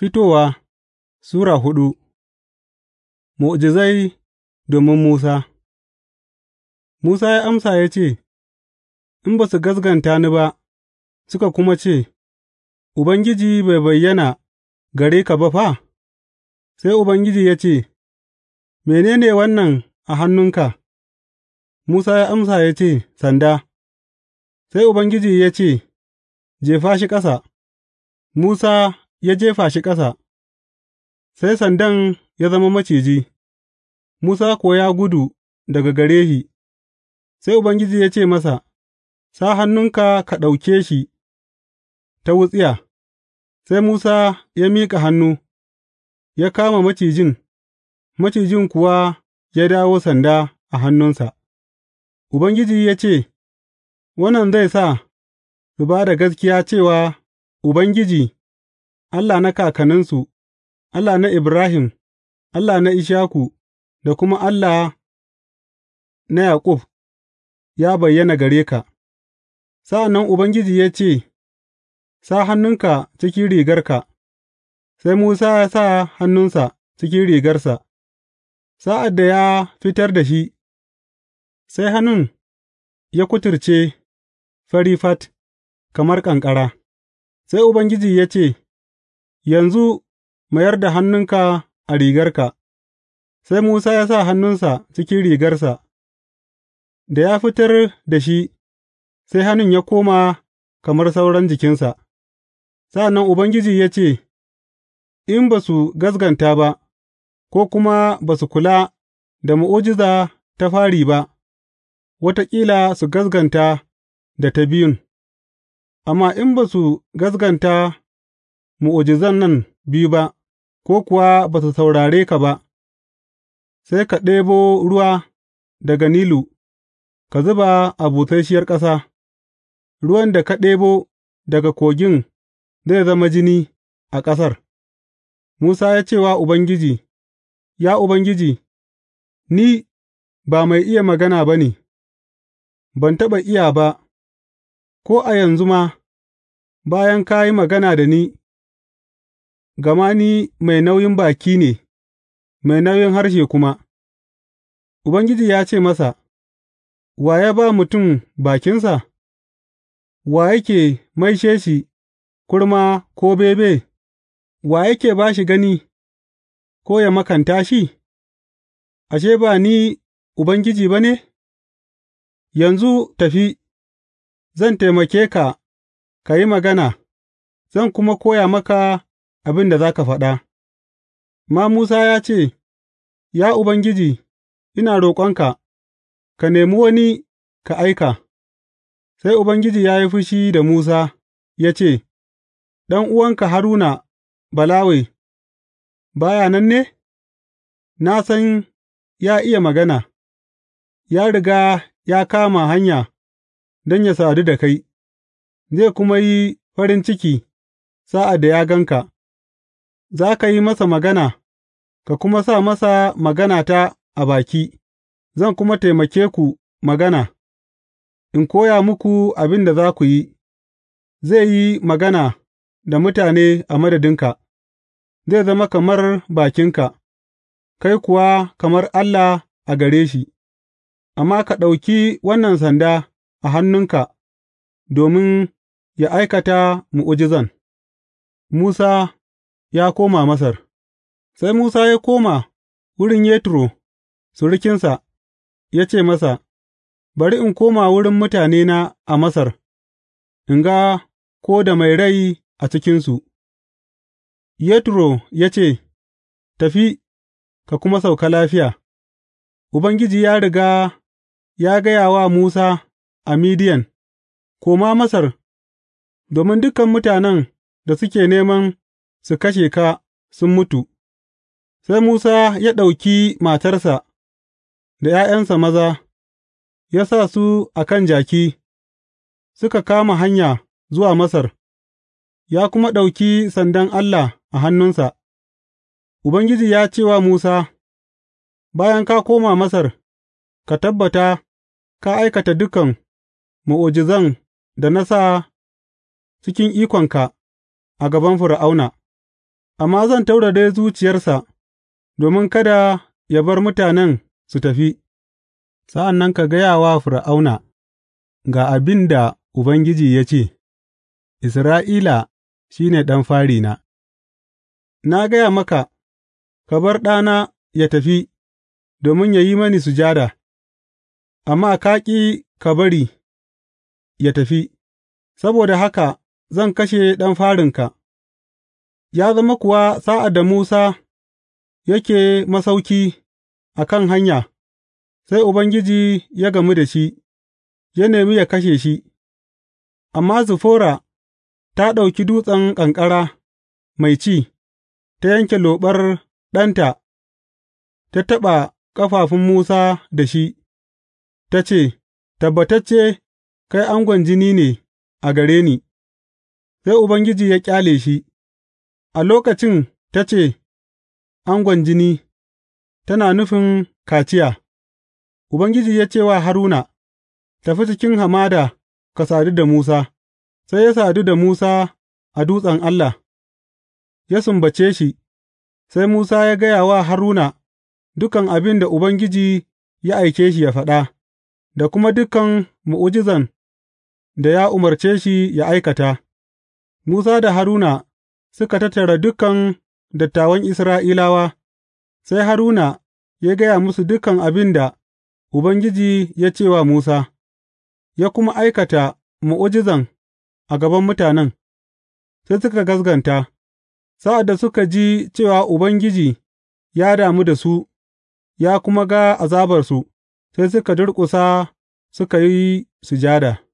Fitowa Sura hudu Mu'ujizai domin Musa Musa ya amsa ya ce, In ba su gaskanta ni ba, suka kuma ce, Ubangiji bai bayyana gare ka ba fa, sai Ubangiji ya ce, Mene ne wannan a hannunka? Musa ya amsa ya ce, Sanda, sai Ubangiji ya ce, Jefa shi ƙasa, Musa ya jefa shi ƙasa, sai sandan ya zama maciji, Musa kuwa ya gudu daga gare shi, sai Ubangiji ya ce masa, Sa hannunka ka ɗauke shi ta wutsiya, sai Musa ya miƙa hannu, ya kama macijin, macijin kuwa ya dawo sanda a hannunsa. Ubangiji ya ce, Wannan zai sa su ba da gaskiya cewa Ubangiji Allah na kakanninsu, Allah na Ibrahim, Allah na Ishaku, da kuma Allah na Yaƙub, ya bayyana gare ka. Sa'an nan Ubangiji ya ce, Sa hannunka cikin rigarka, sai Musa ya sa hannunsa cikin rigarsa, sa'ad da ya fitar da shi, sai hannun ya kuturce fari fat kamar ƙanƙara, sai Ubangiji ya ce, Yanzu mayar da hannunka a rigarka, sai Musa ya sa hannunsa cikin rigarsa, da ya fitar da shi, sai hannun ya koma kamar sauran jikinsa, sa'an nan Ubangiji ya ce, In ba su gaskanta ba, ko kuma ba su kula da mu'ujiza ta fari ba, wataƙila su gaskanta da ta biyun, amma in ba su gaskata mu'ujizan nan biyu ba, ko kuwa ba su saurare ka ba, sai ka ɗebo ruwa daga Nilu, ka zuba a busasshiyar ƙasa, ruwan da ka ɗebo daga kogin zai zama jini a ƙasar. Musa ya ce wa Ubangiji, Ya Ubangiji, ni ba mai iya magana ba ne, ban taɓa iya ba, ko a yanzu ma, bayan ka yi magana da ni. gama ni mai nauyin baki ne, mai nauyin harshe kuma, Ubangiji ya ce masa, Wa ya ba mutum bakinsa, wa yake maishe shi kurma ko bebe, wa yake ba shi gani, ko ya makanta shi, ashe ba ni Ubangiji ba ne? Yanzu tafi, zan taimake ka ka yi magana, zan kuma koya maka abin da za ka faɗa, Ma Musa ya ce, Ya Ubangiji, ina roƙonka, ka nemi wani ka aika, sai Ubangiji ya yi fushi da Musa ya ce, uwanka Haruna Balawe, ba ya nan ne? Na san ya iya magana, ya riga ya kama hanya don ya sadu da kai, zai kuma yi farin ciki sa'ad da ya ganka. Za ka yi masa magana, ka kuma sa masa maganata a baki, zan kuma taimake ku magana, in koya muku abin da za ku yi, zai yi magana da mutane a madadinka, zai zama kamar bakinka, kai kuwa kamar Allah a gare shi, amma ka ɗauki wannan sanda a hannunka domin ya aikata mu'ujizan. Musa ya koma Masar Sai Musa ya koma wurin Yetro, surukinsa, ya ce masa, Bari in koma wurin mutanena a Masar, in ga ko da mai rai a cikinsu. Yetro ya ce, Tafi, ka kuma sauka lafiya, Ubangiji ya riga ya gaya wa Musa a Midiyan, Koma Masar, domin dukan mutanen da suke neman su kashe ka sun mutu, sai Musa ya ɗauki matarsa da ’ya'yansa maza, ya sa su a kan jaki, suka kama hanya zuwa Masar, ya kuma ɗauki sandan Allah a hannunsa. Ubangiji ya ce wa Musa, Bayan ka koma Masar, ka tabbata ka aikata dukan mu'ujizan da na sa cikin ikonka a gaban Fir'auna. amma zan taurare zuciyarsa domin kada yă bar mutanen su tafi, sa'an nan ka gaya wa Fir'auna, Ga abin da Ubangiji ya ce, Isra'ila shi ne ɗan farina, na gaya maka, ka bar ɗana ya tafi, domin ya yi mani sujada, amma ka ƙi ka bari ya tafi, saboda haka zan kashe ɗan farinka. Ya zama kuwa sa'ad da Musa yake masauki a kan hanya, sai Ubangiji ya gamu da shi, ya nemi yă kashe shi, amma Zifora ta ɗauki dutsen ƙanƙara mai ci, ta yanke loɓar ɗanta, ta taɓa ƙafafun Musa da shi, ta ce, Tabbatacce kai angon jini ne a gare ni, sai Ubangiji ya ƙyale shi. A lokacin ta ce, Angon jini, tana nufin kaciya, Ubangiji ya ce wa Haruna, Tafi cikin hamada ka sadu da Musa, sai ya sadu da Musa a dutsen Allah, ya sumbace shi, sai Musa ya gaya wa Haruna dukan abin da Ubangiji ya aike shi ya faɗa, da kuma dukan mu'ujizan da ya umarce shi ya aikata, Musa da Haruna suka tattara dukan dattawan Isra'ilawa, sai Haruna ya gaya musu dukan abin da Ubangiji ya ce wa Musa, ya kuma aikata mu'ujizan a gaban mutanen, sai suka gaskanta, sa'ad da suka ji cewa Ubangiji ya damu da su, ya kuma ga azabarsu, sai suka durƙusa suka yi sujada.